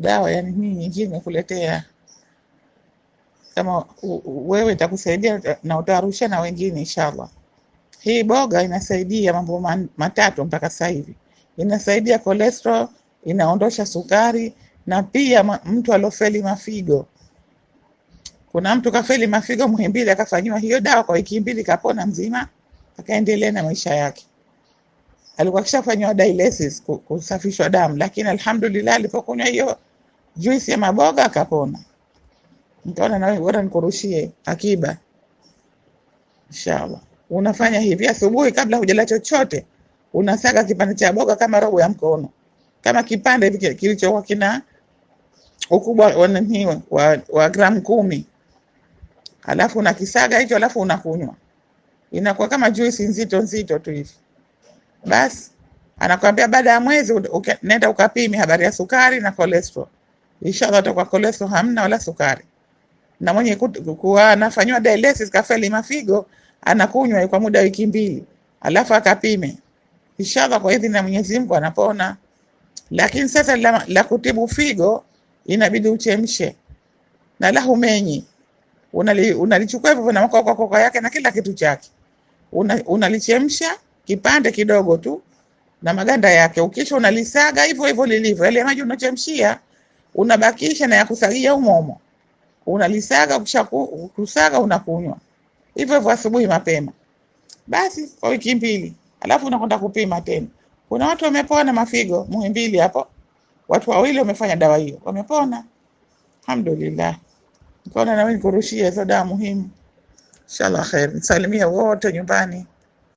dawa ya nini nyingine kuletea kama wewe itakusaidia na utaarusha na wengine inshallah. Hii boga inasaidia mambo matatu mpaka sasa hivi. Inasaidia cholesterol, inaondosha sukari na pia mtu alofeli mafigo. Kuna mtu kafeli mafigo Muhimbili, akafanyiwa hiyo dawa kwa wiki mbili, kapona mzima, akaendelea na maisha yake alikuwa akishafanywa dialysis kusafishwa damu, lakini alhamdulillah alipokunywa hiyo juisi ya maboga akapona. Nikaona nawe bora nikurushie akiba, inshallah. Unafanya hivi asubuhi, kabla hujala chochote, unasaga kipande cha boga kama robo ya mkono, kama kipande hivi kilichokuwa kina ukubwa wa nini wa, wa gramu kumi, alafu unakisaga hicho, alafu unakunywa, inakuwa kama juisi nzito nzito tu hivi. Basi anakuambia baada ya mwezi nenda ukapimi habari ya sukari na cholesterol. Inshallah utakuwa cholesterol hamna wala sukari. Na mwenye kuwa anafanywa dialysis kafeli mafigo anakunywa kwa muda wiki mbili, alafu akapime. Inshallah kwa idhini ya Mwenyezi Mungu anapona. Lakini sasa la, la kutibu figo inabidi uchemshe na la humenyi. unalichukua unali hivyo na makokokoka yake na kila kitu chake, unalichemsha una kipande kidogo tu na maganda yake, ukisha unalisaga hivyo hivyo lilivyo, yale maji unachemshia unabakisha na yakusagia umo umo, unalisaga ukisha kusaga unakunywa hivyo hivyo asubuhi mapema, basi kwa wiki mbili, alafu unakwenda kupima tena. Kuna watu wamepona mafigo Muhimbili hapo, watu wawili wamefanya dawa hiyo wamepona, alhamdulillah. Nikaona na nikurushie hizo dawa muhimu. Inshallah kheri, nisalimia wote nyumbani.